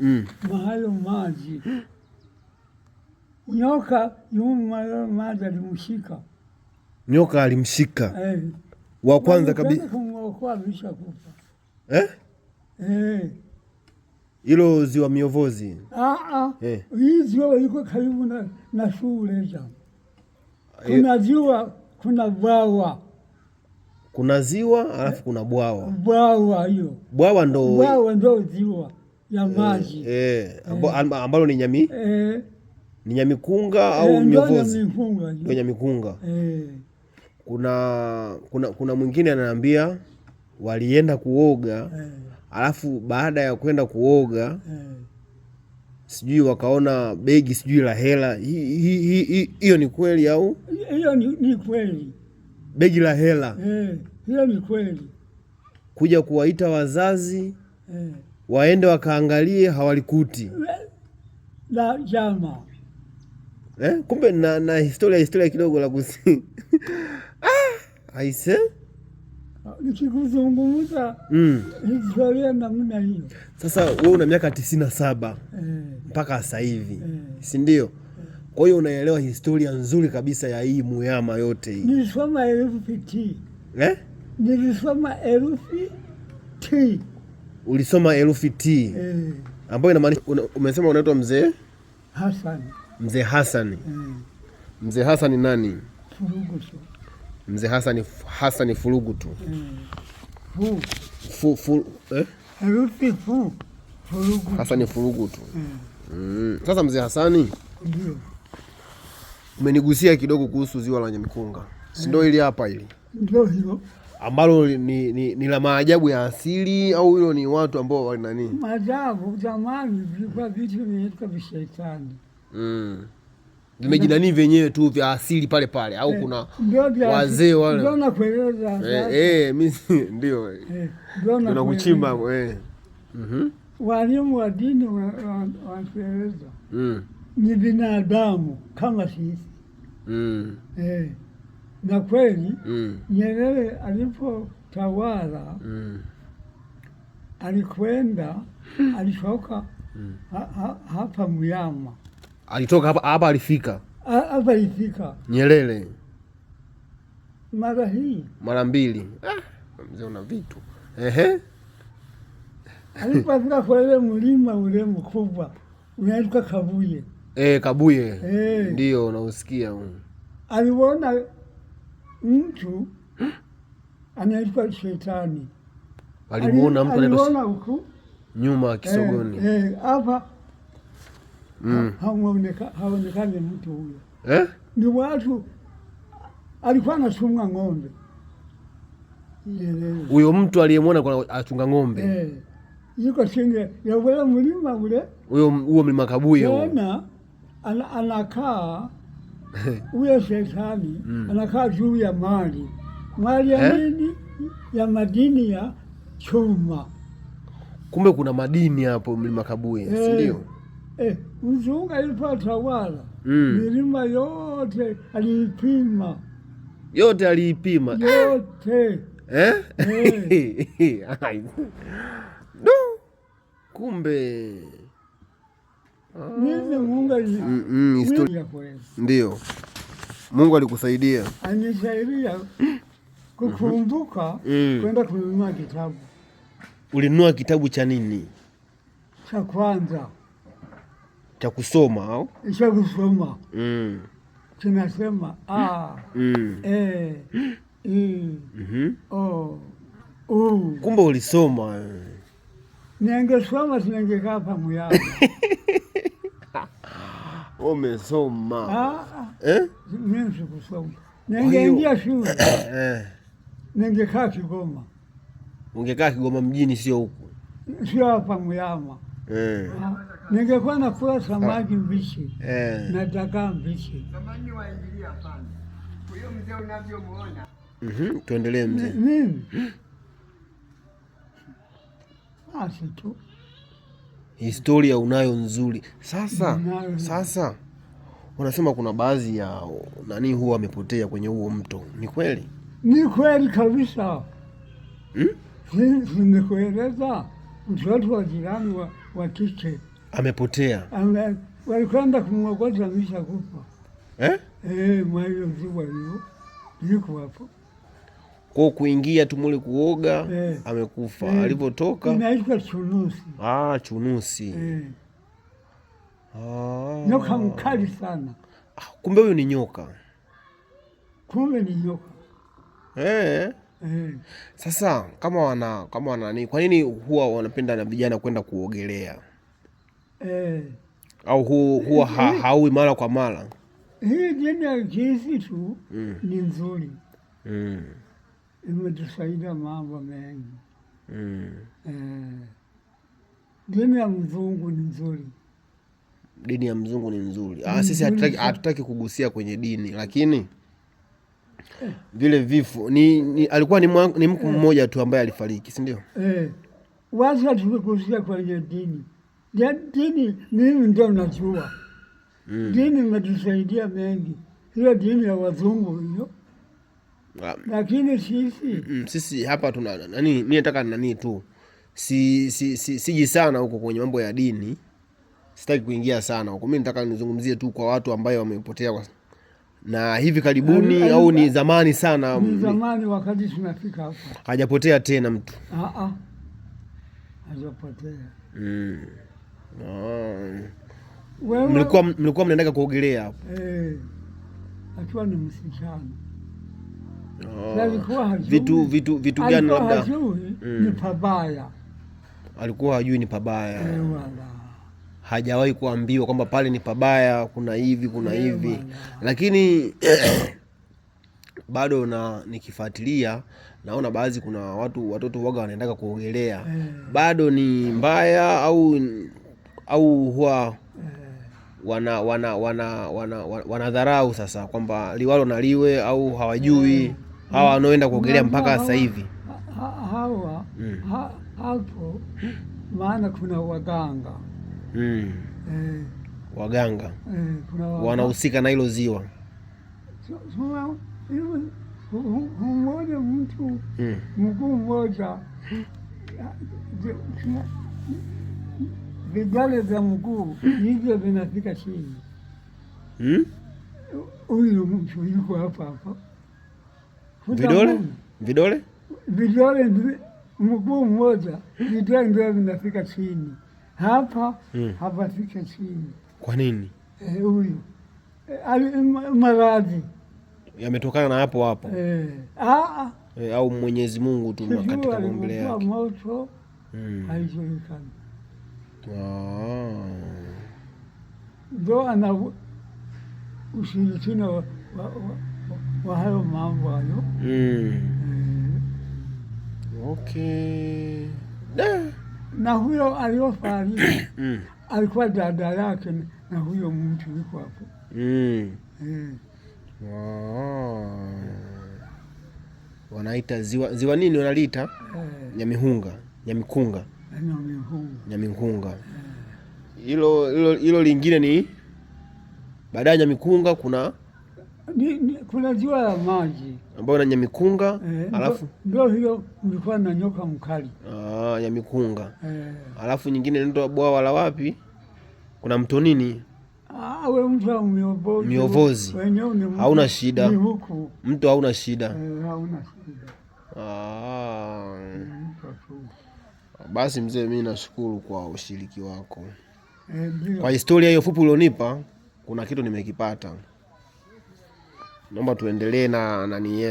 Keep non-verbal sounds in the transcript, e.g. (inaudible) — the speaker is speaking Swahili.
mm. maalum maji nyoka yule maji alimshika nyoka alimshika eh. wa kwanza kabisa eh? eh. Ilo ziwa Miovozi ah, ah. eh. Hii ziwa iko karibu na, na shule ja eh. kuna ziwa kuna bwawa kuna ziwa alafu eh. kuna bwawa bwawa hiyo bwawa ndo bwawa ndo ziwa ya eh, maji eh, eh. ambalo ni nyami eh, ni nyamikunga eh, au eh, myovozi ndio nyamikunga eh. Kuna, kuna, kuna mwingine ananiambia walienda kuoga eh, alafu baada ya kwenda kuoga eh, sijui wakaona begi sijui la hela. Hiyo ni kweli au hiyo ni, ni kweli begi la hela hiyo ni kweli kuja kuwaita wazazi eh waende wakaangalie hawalikuti na jama eh, kumbe na, na historia historia kidogo la kusi (laughs) ah, aise nikikuzungumza mm. historia namna hiyo. Sasa wewe una miaka tisini na saba eh, mpaka sasa hivi eh, si ndio? Eh, kwa hiyo unaelewa historia nzuri kabisa ya hii Muyama yote hii. Nilisoma herufi T eh? Nilisoma herufi T ulisoma herufi T e, ambayo inamaanisha umesema unaitwa mzee Hassan. Mzee Hassan e. Mzee Hassan nani? Furugutu. Mzee Hassan Hassan Furugutu e. Eh. Fu. Fu, fu, eh? Herufi fu. Furugutu. Hassan Furugutu e. Mm. Sasa mzee Hassan. ndio umenigusia kidogo kuhusu ziwa la Nyamkunga. si ndio? E. Hili hapa hili ndio hilo ambalo ni, ni, ni ni la maajabu ya asili au hilo ni watu ambao wana Maajabu zamani vilikuwa vitu vinaitwa vishetani mm. Vimejinanii vyenyewe tu vya asili pale pale au eh, kuna wazee wale ndio nakueleza eh, eh, mimi (laughs) eh, ndio ndio nakuchimba eh. Mhm. Walimu wa dini wanatueleza mm. ni binadamu kama sisi mm. eh na kweli mm. Nyerere alipotawala mm. alikwenda hmm. alitoka mm. ha, ha, hapa Muyama alitoka hapa hapa alifika hapa alifika Nyerere mara hii mara mbili. Ah, mzee una vitu ehe. Alipofika kwa ile mlima ule mkubwa unaitwa Kabuye e, Kabuye e. ndio unausikia. Aliona mtu anaitwa Shetani. Alimuona mtu anaitwa huku nyuma kisogoni eh, eh, hapa mm. eh, haonekane eh, mtu huyo eh? Ni watu alikuwa anachunga ng'ombe huyo mtu aliyemwona achunga ng'ombe eh, yuko chini ya ule mlima ule, huyo mlima Kabuye, anakaa huyo (laughs) shetani mm. anakaa juu ya mali mali ya eh? nini ya madini ya chuma. Kumbe kuna madini hapo mlima Kabuye, si eh, ndio? Eh, mzungu alipotawala mm. milima yote aliipima, yote aliipima yote eh? eh. (laughs) (laughs) kumbe Mm, mm, Ndio, Mungu alikusaidia, anisaidia kukumbuka mm. kwenda kununua kitabu. Ulinunua kitabu cha nini? Cha kwanza cha kusoma au cha kusoma? mm. kinasema a mm. e i mm -hmm. o u. Kumbe ulisoma? Eh. Ningesoma, sinangekaa pamoja (laughs) Umesoma ah, eh? Mimi sikusoma, ningeingia shule (coughs) eh. ningekaa Kigoma. Ungekaa Kigoma mjini, sio huku, sio hapa Muyama. Eh. Ah, ningekuwa nakula ah. samaki mbichi eh, na dagaa mbichi. Mhm, tuendelee mzee, mimi hmm? basi tu historia unayo nzuri. Sasa sasa wanasema kuna baadhi ya nani huwa wamepotea kwenye huo mto, ni kweli? Ni kweli kabisa hmm? Nimekueleza mtoto wa jirani wa kike amepotea, walikwenda kumwokota misha kufa eh? E, mwa hiyo hiyo, yuko hapo kwa kuingia tu mule kuoga eh, amekufa eh. Alipotoka inaitwa chunusi. Ah, chunusi eh. Ah. Nyoka mkali sana. Ah, kumbe huyu ni nyoka, kumbe ni nyoka eh. Eh. Sasa kama wana kama wanani, kwa nini huwa wanapenda na vijana kwenda kuogelea eh? Au hu, huwa eh, haui mara kwa mara hii eh, jina jinsi tu mm. ni nzuri mm imetusaidia mambo mengi mm. Eh, dini ya mzungu ni nzuri, dini ya mzungu ni nzuri. Ah, sisi hatutaki kugusia kwenye dini lakini eh. vile vifo ni, ni alikuwa ni, ni mku eh. mmoja tu ambaye alifariki, si ndio? Eh, wacha tukugusia kwenye dini dini mimi ndio najua mm. Dini imetusaidia mengi, hiyo dini ya wazungu hiyo lakini sisi mm sisi hapa tuna nani, mimi nataka nani tu si, si, si, siji sana huko kwenye mambo ya dini, sitaki kuingia sana huko. Mimi nataka nizungumzie tu kwa watu ambayo wamepotea kwa na hivi karibuni Ani, au ni zamani sana, ni zamani wakati tunafika hapa, hajapotea tena mtu a ah, a ah. hajapotea mm. Mlikuwa mnaendaga kuogelea hapo eh, akiwa ni msichana Ah. alikuwa hajui vitu vitu vitu gani labda mm. ni pabaya alikuwa hajui ni pabaya e, hajawahi kuambiwa kwamba pale ni pabaya, kuna hivi kuna eh, hivi Lakini (clears throat) bado na nikifuatilia naona baadhi kuna watu watoto waga wanaendaga kuogelea e. Bado ni mbaya au au huwa wana wana wana wana wanadharau wana sasa kwamba liwalo na liwe au hawajui e hawa mm. wanaoenda kuogelea mpaka sasa hivi hawa mm. hapo, maana kuna waganga mm. eh, waganga eh, wanahusika na hilo ziwa. Mmoja mtu mm. mguu mmoja, vidole vya mguu hivyo vinafika chini. Huyu mtu yuko hapa hapa vidole vidole vidole mguu mmoja vidole ndio vinafika chini hapa mm. hapafika chini. Kwa nini eh, huyu? E, maradhi yametokana na hapo hapo e. E, au Mwenyezi Mungu tu katika maumbile yake moto mm. haijulikani ah. ndo ana ushirikina wa hayo mambo hayo. Mm. Mm. Okay. Na huyo aliyofariki (coughs) mm. alikuwa dada yake na huyo mtu yuko hapo. Mm. Mm. Wow. Wanaita ziwa ziwa nini wanaliita? Eh. Nyamihunga, Nyamikunga. Nyamikunga. Eh. Hilo hilo lingine ni baada ya Nyamikunga kuna kuna ziwa la maji ambayo na Nyamikunga e, alafu ndio hiyo ulikuwa na nyoka mkali ah, Nyamikunga e. Alafu nyingine ndio bwawa la wapi, kuna mto nini ah, we mto miobozi, miovozi hauna shida, mtu hauna shida e, hauna shida ah. Basi mzee, mimi nashukuru kwa ushiriki wako e, kwa historia hiyo fupi ulionipa, kuna kitu nimekipata naomba tuendelee na nani yetu.